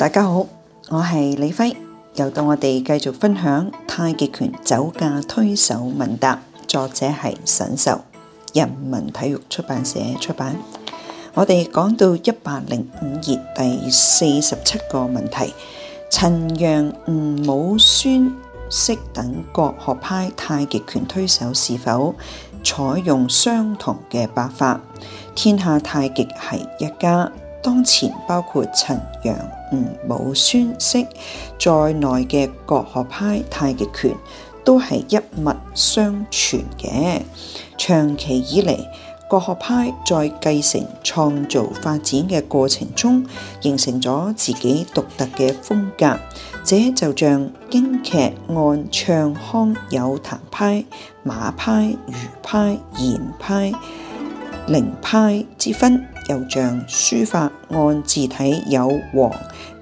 大家好，我係李輝，又到我哋繼續分享太極拳走架推手問答，作者係沈壽，人民體育出版社出版。我哋講到一百零五頁第四十七個問題：陳楊吳武孫式等各學派太極拳推手是否採用相同嘅八法？天下太極係一家。當前包括陳楊、吳武、孫式在內嘅國學派太極拳，都係一脈相傳嘅。長期以嚟，國學派在繼承、創造、發展嘅過程中，形成咗自己獨特嘅風格。這就像京劇按唱腔有譚派、馬派、余派、言派、靈派之分。又像書法按字體有黃、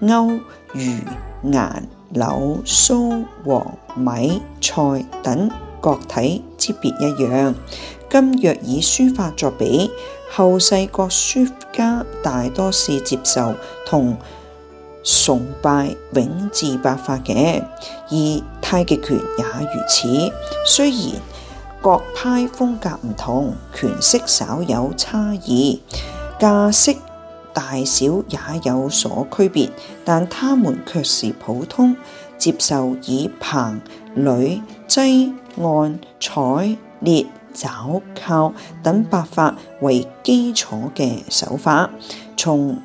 歐、虞、顏、柳、蘇、黃、米、蔡等各體之別一樣。今若以書法作比，後世各書家大多是接受同崇拜永字八法嘅，而太極拳也如此。雖然各派風格唔同，拳色稍有差異。架式大小也有所區別，但他們卻是普通接受以掤、捋、擠、按、採、挒、肘、靠等八法為基礎嘅手法。從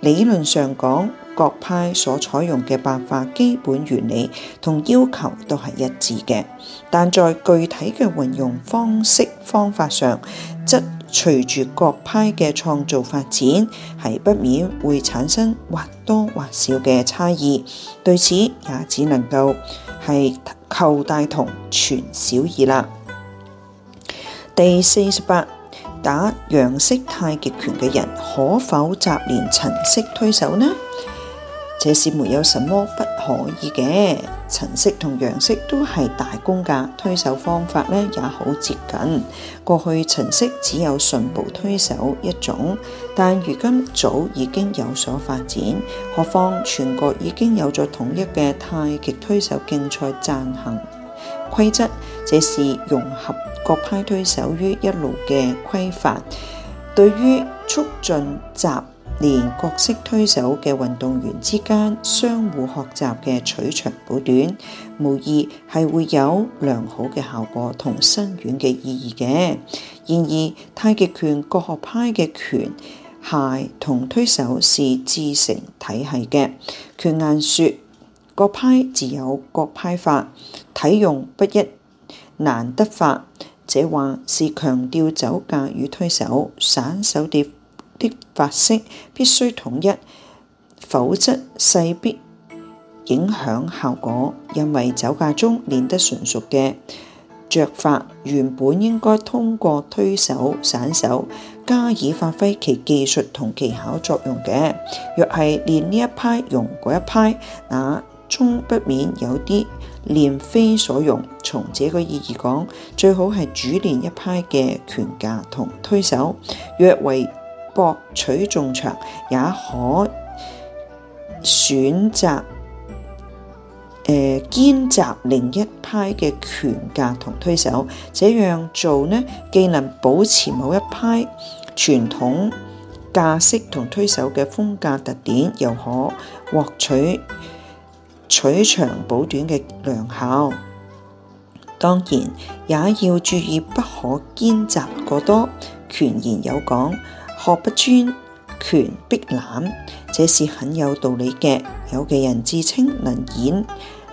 理論上講，各派所採用嘅八法基本原理同要求都係一致嘅，但在具體嘅運用方式方法上則。隨住各派嘅創造發展，係不免會產生或多或少嘅差異。對此，也只能夠係求大同存小異啦。第四十八，打楊式太極拳嘅人可否習練陳式推手呢？這是沒有什麼不可以嘅。陳式同楊式都係大公架，推手方法呢也好接近。過去陳式只有順步推手一種，但如今早已經有所發展。何況全國已經有咗統一嘅太極推手競賽暫行規則，這是融合各派推手於一路嘅規範，對於促進習。連各式推手嘅運動員之間相互學習嘅取長補短，無疑係會有良好嘅效果同深遠嘅意義嘅。然而，太極拳各學派嘅拳械同推手是自成體系嘅。拳諺說：各派自有各派法，體用不一，難得法。這話是強調走架與推手、散手嘅。的法式必須統一，否則勢必影響效果。因為走架中練得純熟嘅着法，原本應該通過推手、散手加以發揮其技術同技巧作用嘅。若係練呢一派用嗰一派，那終、呃、不免有啲練非所用。從這個意義講，最好係主練一派嘅拳架同推手，若為博取眾長，也可選擇誒、呃、兼習另一派嘅拳架同推手。這樣做呢，既能保持某一派傳統架式同推手嘅風格特點，又可獲取取長補短嘅良效。當然，也要注意不可兼習過多，權言有講。學不專，拳必濫，這是很有道理嘅。有嘅人自稱能演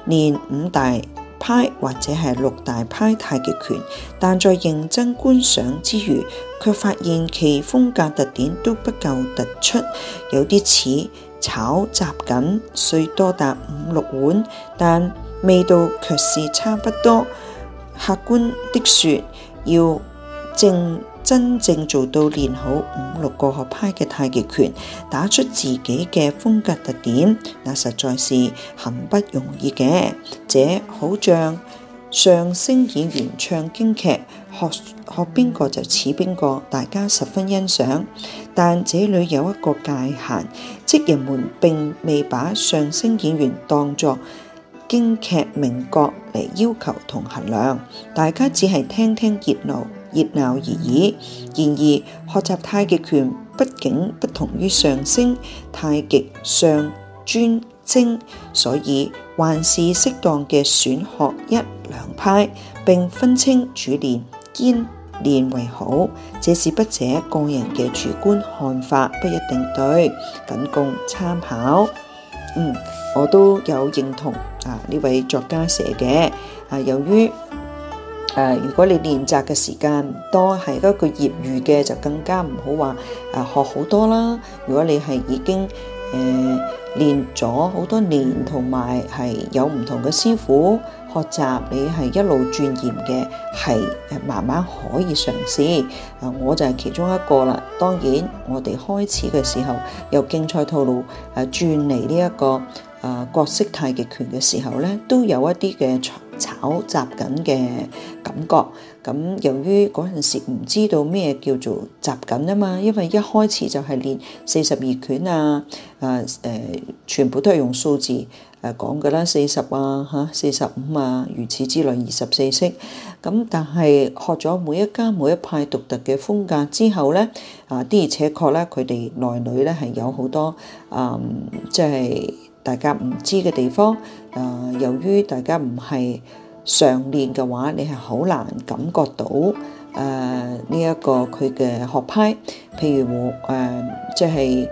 練五大派或者係六大派太極拳，但在認真觀賞之餘，却發現其風格特點都不夠突出，有啲似炒雜錦，雖多達五六碗，但味道却是差不多。客觀的說，要正。真正做到練好五六個學派嘅太極拳，打出自己嘅風格特點，那實在是很不容易嘅。這好像相聲演員唱京劇，學學邊個就似邊個，大家十分欣賞。但這裏有一個界限，即人們並未把相聲演員當作京劇名角嚟要求同衡量，大家只係聽聽熱鬧。熱鬧而已。然而，學習太極拳畢竟不同於上升太極上專精，所以還是適當嘅選學一兩派，并分清主練兼練為好。這是筆者個人嘅主觀看法，不一定對，僅供參考。嗯，我都有認同啊，呢位作家寫嘅啊，由於。誒、呃，如果你練習嘅時間多，係一個業餘嘅，就更加唔好話誒、呃、學好多啦。如果你係已經誒練咗好多年，同埋係有唔同嘅師傅學習，你係一路鑽研嘅，係慢慢可以嘗試。啊、呃，我就係其中一個啦。當然，我哋開始嘅時候由競賽套路誒轉嚟呢一個誒、呃、國式太極拳嘅時候咧，都有一啲嘅炒雜緊嘅。感覺咁，由於嗰陣時唔知道咩叫做集錦啊嘛，因為一開始就係練四十二拳啊，誒、啊、誒、呃，全部都係用數字誒講噶啦，四十啊嚇，四十五啊，如此之類，二十四式。咁但係學咗每一家每一派獨特嘅風格之後咧，啊的而且確咧，佢哋內裏咧係有好多誒，即、嗯、係、即係、大家唔知嘅地方。誒、啊，由於大家唔係，常練嘅話，你係好難感覺到誒呢一個佢嘅學派，譬如我即係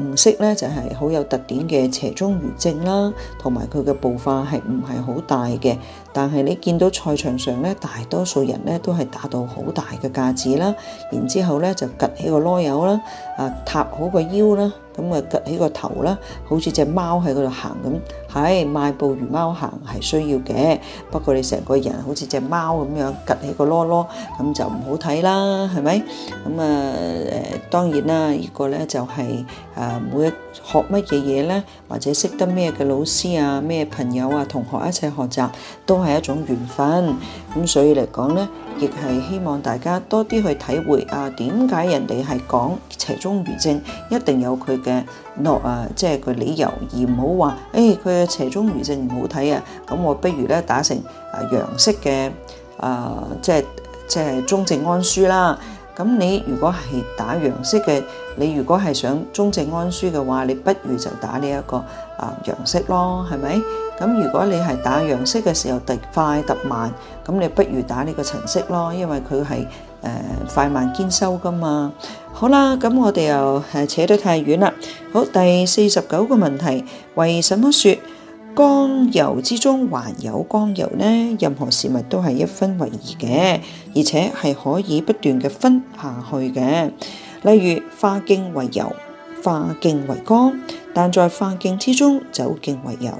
唔識咧，就係好有特點嘅斜中寓正啦，同埋佢嘅步法係唔係好大嘅。但係你見到賽場上咧，大多數人咧都係打到好大嘅架子啦，然之後咧就趷起個籮柚啦，誒、啊、塌好個腰啦。咁啊，趷起個頭啦，好似隻貓喺嗰度行咁，係邁步如貓行係需要嘅。不過你成個人好似隻貓咁樣趷起個囉囉，咁就唔好睇啦，係咪？咁啊誒，當然啦，呢個咧就係啊每一學乜嘢嘢咧，或者識得咩嘅老師啊、咩朋友啊、同學一齊學習，都係一種緣分。咁所以嚟講咧，亦係希望大家多啲去體會啊，點解人哋係講斜中寓正，一定有佢。嘅落啊，no, uh, 即係佢理由，而唔、哎、好話，誒，佢嘅斜中寓正唔好睇啊，咁我不如咧打成啊楊式嘅，啊、呃，即係即係中正安舒啦。咁你如果係打楊式嘅，你如果係想中正安舒嘅話，你不如就打呢、這、一個。啊，楊式咯，係咪？咁如果你係打楊式嘅時候，特快特慢，咁你不如打呢個陳式咯，因為佢係誒快慢兼修噶嘛。好啦，咁我哋又係扯得太遠啦。好，第四十九個問題，為什麼説剛柔之中還有剛柔呢？任何事物都係一分為二嘅，而且係可以不斷嘅分下去嘅。例如化勁為柔，化勁為剛。但在化勁之中，走勁為柔，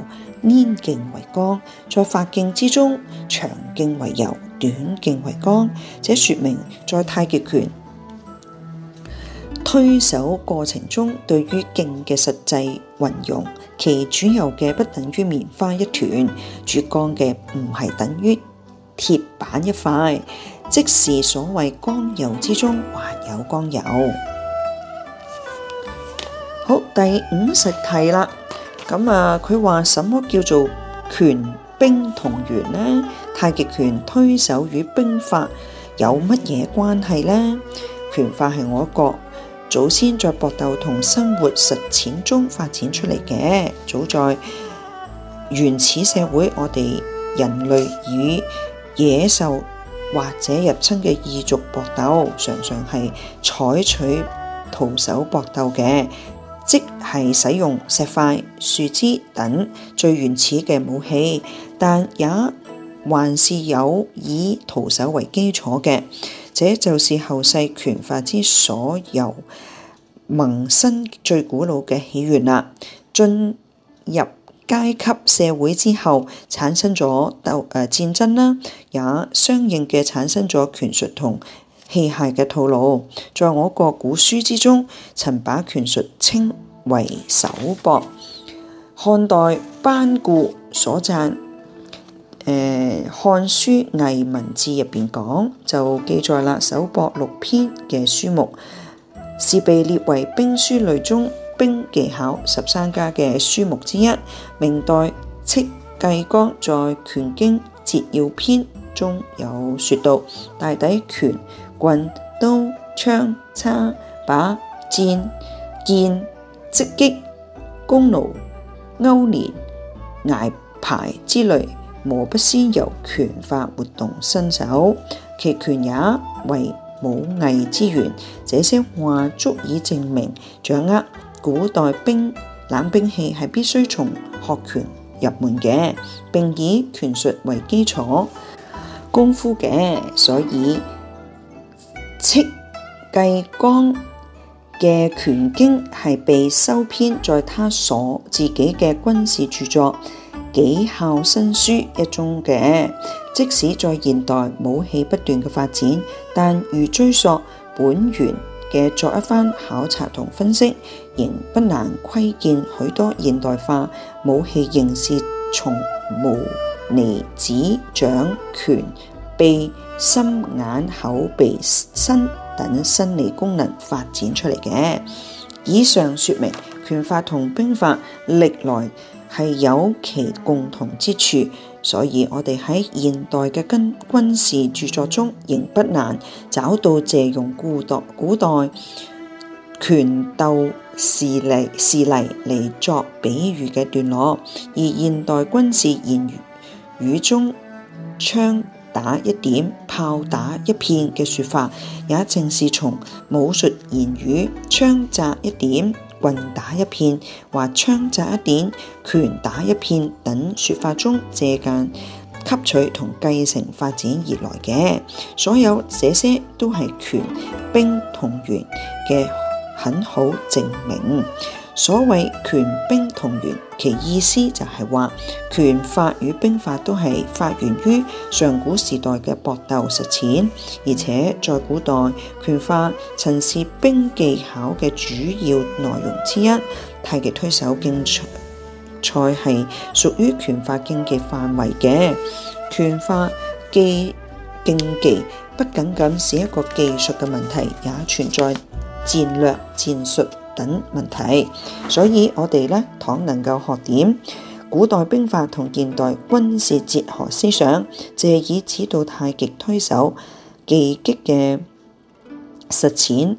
粘勁為剛；在發勁之中，長勁為柔，短勁為剛。這說明在太極拳推手過程中，對於勁嘅實際運用，其主柔嘅不等於棉花一團，主剛嘅唔係等於鐵板一塊，即是所謂剛柔之中還有剛柔。好，第五十題啦，咁啊佢話什麼叫做拳兵同源呢？太極拳推手與兵法有乜嘢關係呢？拳法係我國祖先在搏鬥同生活實踐中發展出嚟嘅，早在原始社會，我哋人類與野獸或者入侵嘅異族搏鬥，常常係採取徒手搏鬥嘅。即係使用石塊、樹枝等最原始嘅武器，但也還是有以徒手為基礎嘅，這就是後世拳法之所有萌生最古老嘅起源啦。進入階級社會之後，產生咗鬥誒戰爭啦，也相應嘅產生咗拳術同器械嘅套路，在我國古書之中，曾把拳術稱為手搏。漢代班固所撰《誒、呃、漢書藝文志入邊講，就記載啦。手搏六篇嘅書目，是被列為兵書類中兵技巧十三家嘅書目之一。明代戚繼光在《拳經節要篇》中有説到大抵拳。棍、刀、槍、叉、把、戰、劍、擊擊、弓弩、鈎鐮、挨牌之類，無不先由拳法活動身手，其拳也為武藝之源。這些話足以證明，掌握古代兵冷兵器係必須從學拳入門嘅，並以拳術為基礎功夫嘅，所以。繼光嘅拳經係被收編在他所自己嘅軍事著作《紀效新書》一中嘅。即使在現代武器不斷嘅發展，但如追溯本源嘅作一番考察同分析，仍不難窺見許多現代化武器仍是從無、尼、指、掌、拳、臂、心、眼、口、鼻、身。等生理功能發展出嚟嘅。以上說明，拳法同兵法歷來係有其共同之處，所以我哋喺現代嘅軍軍事著作中，仍不難找到借用古代古代拳鬥事例事例嚟作比喻嘅段落，而現代軍事言語中槍打一點，炮打一片嘅説法，也正是從武術言語，槍扎一點，棍打一片，或槍扎一點，拳打一片等説法中借鑑、吸取同繼承發展而來嘅。所有這些都係拳、兵同源嘅很好證明。所謂拳兵同源，其意思就係話拳法與兵法都係發源於上古時代嘅搏鬥實踐，而且在古代拳法曾是兵技巧嘅主要內容之一。太極推手競賽係屬於拳法競技範圍嘅，拳法技競技不僅僅是一個技術嘅問題，也存在戰略戰術等問題，所以我哋咧，倘能夠學點古代兵法同現代軍事哲學思想，藉以指導太極推手技擊嘅實踐，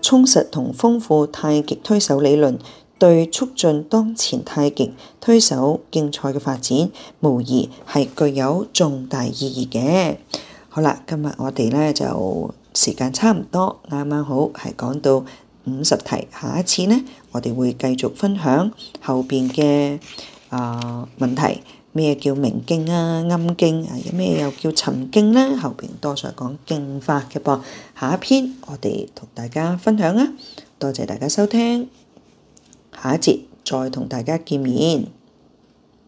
充實同豐富太極推手理論，對促進當前太極推手競賽嘅發展，無疑係具有重大意義嘅。好啦，今日我哋咧就時間差唔多，啱啱好係講到。五十題，下一次呢，我哋會繼續分享後邊嘅啊問題，咩叫明經啊、暗經啊，咩又叫沉經呢？後邊多數係講經法嘅噃，下一篇我哋同大家分享啊，多謝大家收聽，下一節再同大家見面。